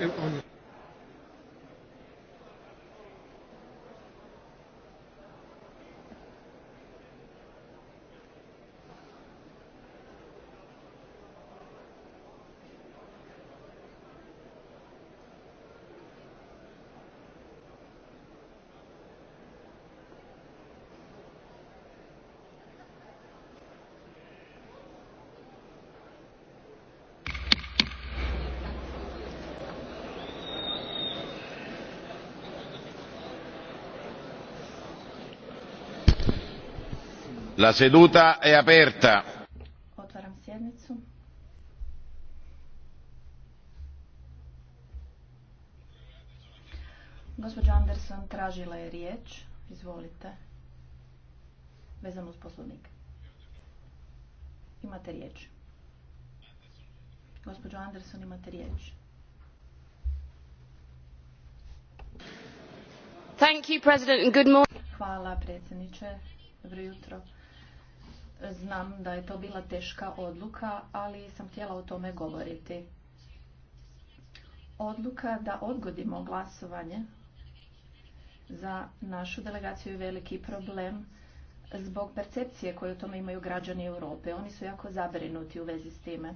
Not La seduta è aperta. Otvaram sjednicu. Gospođa Anderson tražila je riječ. Izvolite. Vezano uz poslovnik. Imate riječ. Gospođo Anderson, imate riječ. Thank you, President, and good morning. Hvala predsjedniče. Dobro jutro. Znam da je to bila teška odluka, ali sam htjela o tome govoriti. Odluka da odgodimo glasovanje za našu delegaciju je veliki problem zbog percepcije koju o tome imaju građani Europe. Oni su jako zabrinuti u vezi s time.